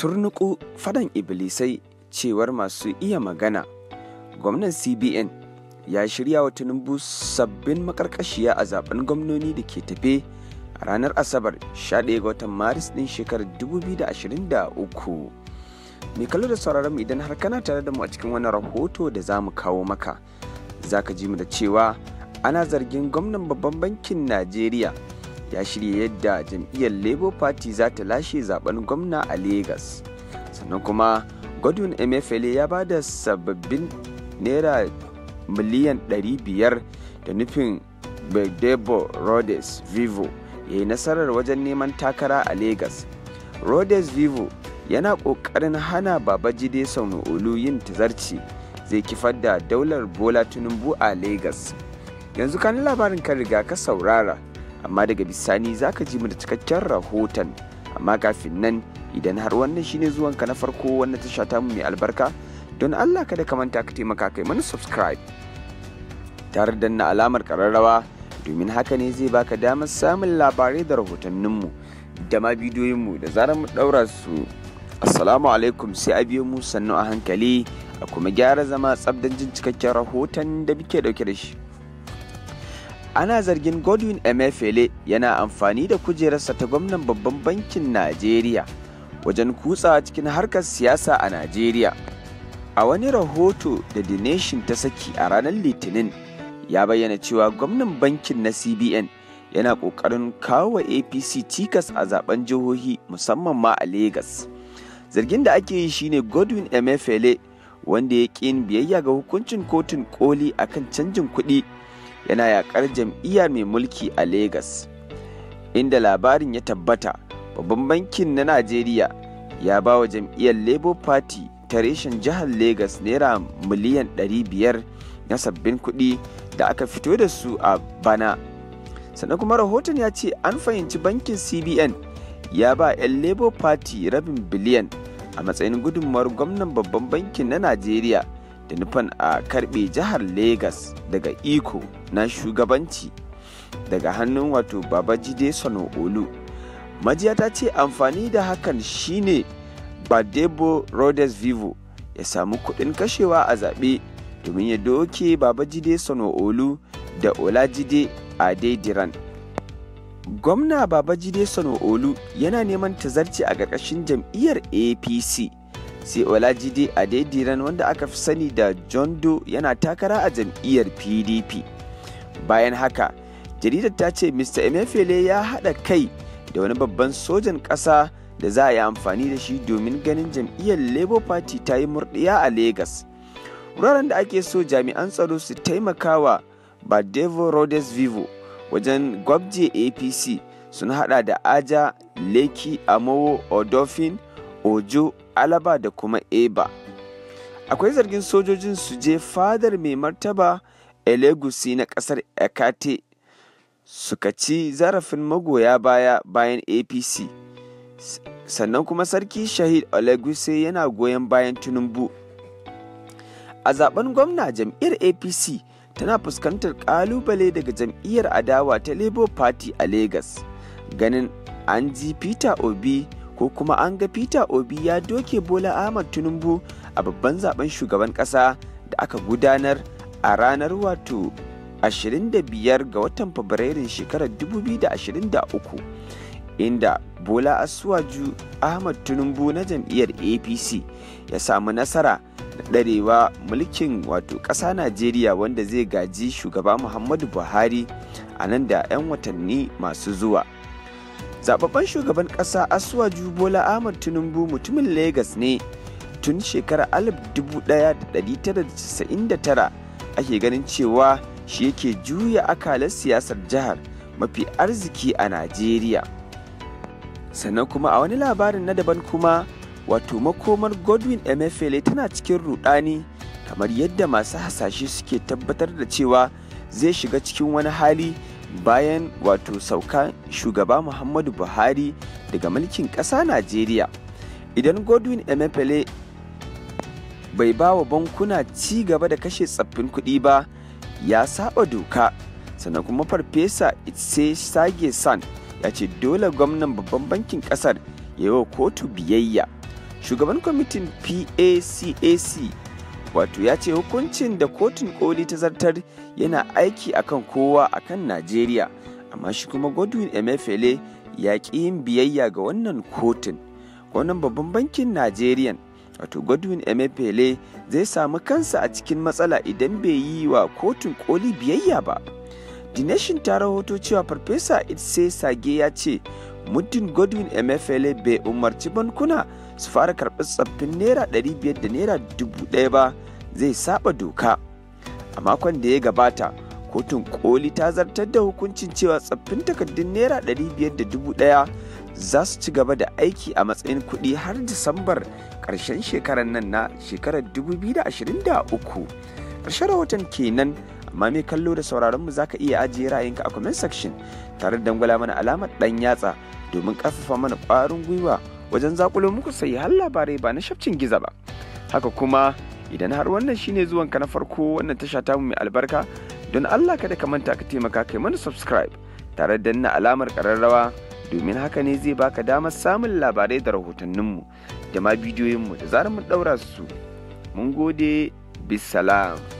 turnuku fadan iblisai cewar masu iya magana gwamnan cbn ya shirya wa tinubu sabbin makarkashiya a zaben gwamnoni da ke tafe a ranar asabar 11 ga watan maris din shekarar 2023 mai kallo da sauraron idan har kana tare da mu a cikin wani rahoto da za mu kawo maka za ka ji mu da cewa ana zargin gwamnan babban bankin najeriya ya shirya yadda jam'iyyar labour party za ta lashe zaben gwamna a Legas. sannan kuma godwin emefiele ya ba da sababbin naira miliyan 500 da nufin bedebo rhodes vivo ya yi nasarar wajen neman takara a Legas. rhodes vivo yana ƙoƙarin hana babajide sanwo-olu yin tazarci zai kifar da daular bola tinubu a Legas. yanzu kan labarin kan riga ka saurara amma daga bisani za ka ji mu da cikakken rahoton amma kafin nan idan har wannan shine zuwanka na farko wannan tasha sha mu mai albarka don allah kada ka manta ka taimaka kai mana subscribe tare da na alamar kararrawa domin haka ne zai baka damar samun labarai da rahotanninmu da ma bidiyoyinmu da zarar mu daura su assalamu alaikum sai a biyo mu sannu a hankali a kuma gyara zama tsabdan jin cikakken rahoton da muke dauke da shi ana zargin godwin Emefele, yana amfani da kujerarsa ta gwamnan babban bankin najeriya wajen kutsa cikin harkar siyasa a najeriya a wani rahoto da the nation ta saki a ranar litinin ya bayyana cewa gwamnan bankin na cbn yana ƙoƙarin kawo wa apc cikas a zaben jihohi musamman ma a Legas. zargin da ake yi shine godwin Emefele, wanda ya ƙin biyayya ga hukuncin kotun koli akan canjin kuɗi yana yakar jam'iyya mai mulki a Legas. Inda labarin ya tabbata, babban bankin na Najeriya ya ba wa jam'iyyar Labour Party ta reshen jihar Legas naira miliyan 500 na sabbin kuɗi da aka fito da su a bana. Sannan kuma rahoton ya ce an fahimci bankin CBN ya ba 'yan Labour Party rabin biliyan a matsayin gudunmawar gwamnan babban bankin na Najeriya. da nufan a karbe jihar Legas daga iko na shugabanci daga hannun wato Babajide sanwo Majiya ta ce amfani da hakan shine Badebo Rhodes Vivo ya samu kuɗin kashewa a zaɓe domin ya doke Babajide sanwo da Olajide a Adediran. Gwamna Babajide sanwo yana neman tazarci a ƙarƙashin jam'iyyar APC. sai olajide adediran wanda aka fi sani da john doe yana takara a jam'iyyar pdp bayan haka jaridar ta ce mr emefiele ya haɗa kai da wani babban sojan ƙasa da za a yi amfani da shi domin ganin jam'iyyar labour party ta yi murɗiya a lagos wuraren da ake so jami'an tsaro su taimakawa ba devo rhodes vivo wajen gwabje apc sun hada da aja leki amowo odofin ojo alaba da kuma eba akwai zargin sojojin su je fadar mai martaba elegusi na kasar ekate suka ci zarafin magoya baya bayan apc sannan kuma sarki shahid oleguse yana goyon bayan tinubu a zaben gwamna jam'iyyar apc tana fuskantar kalubale daga jam'iyyar adawa ta labour party a lagos ganin an ji peter obi ko kuma an ga peter obi ya doke bola ahmad tinubu a babban zaben shugaban kasa da aka gudanar a ranar wato 25 ga watan Fabrairu shekarar 2023 inda bola asuwaju ahmad tinubu na jam'iyyar apc ya samu nasara da ɗarewa mulkin wato ƙasa najeriya wanda zai gaji shugaba muhammadu buhari a nan da 'yan watanni masu zuwa zababben shugaban ƙasa Asuwa jubola ahmad tinubu mutumin Legas ne tun shekarar 1999 ake ganin cewa shi yake juya akalar siyasar jihar mafi arziki a najeriya sannan kuma a wani labarin na daban kuma wato makomar godwin mfla tana cikin rudani kamar yadda masu hasashe suke tabbatar da cewa zai shiga cikin wani hali bayan wato sauka shugaba muhammadu buhari daga mulkin ƙasa najeriya idan godwin emefiele bai ba wa bankuna ci gaba da kashe tsaffin kuɗi ba ya saba doka sannan kuma farfesa itse sage san ya ce dole gwamnan babban bankin ƙasar ya yi wa kotu biyayya shugaban kwamitin pacac wato ya ce hukuncin da kotun koli ta zartar yana aiki akan kowa a kan najeriya amma shi kuma godwin emefele ya ƙi yin biyayya ga wannan kotun wannan babban bankin najeriya wato godwin emefele zai samu kansa a cikin matsala idan bai yi wa kotun koli biyayya ba the nation ta rahoto cewa farfesa itse sage ya ce muddin godwin emefele bai umarci bankuna su fara karɓar tsaffin naira 500 da naira 1000 ba zai saba doka a makon da ya gabata kotun koli ta zartar da hukuncin cewa tsaffin takardun naira 500 da ɗaya za su ci gaba da aiki a matsayin kuɗi har disambar ƙarshen shekarar nan na shekarar 2023 ƙarshen rahoton kenan amma mai kallo da sauraron mu zaka iya ajiye ra'ayinka a comment section tare da dangwala mana alamar ɗan yatsa domin ƙarfafa mana ƙwarin gwiwa wajen zakulo muku sayi har labarai ba na shafcin giza ba haka kuma idan har wannan shine zuwanka na farko wannan tasha ta mu mai albarka don Allah kada ka manta ka taimaka kai mana subscribe tare da danna alamar kararrawa domin haka ne zai baka damar samun labarai da rahotanninmu da ma bidiyoyin mu da zarar mun daura su mun gode bisalam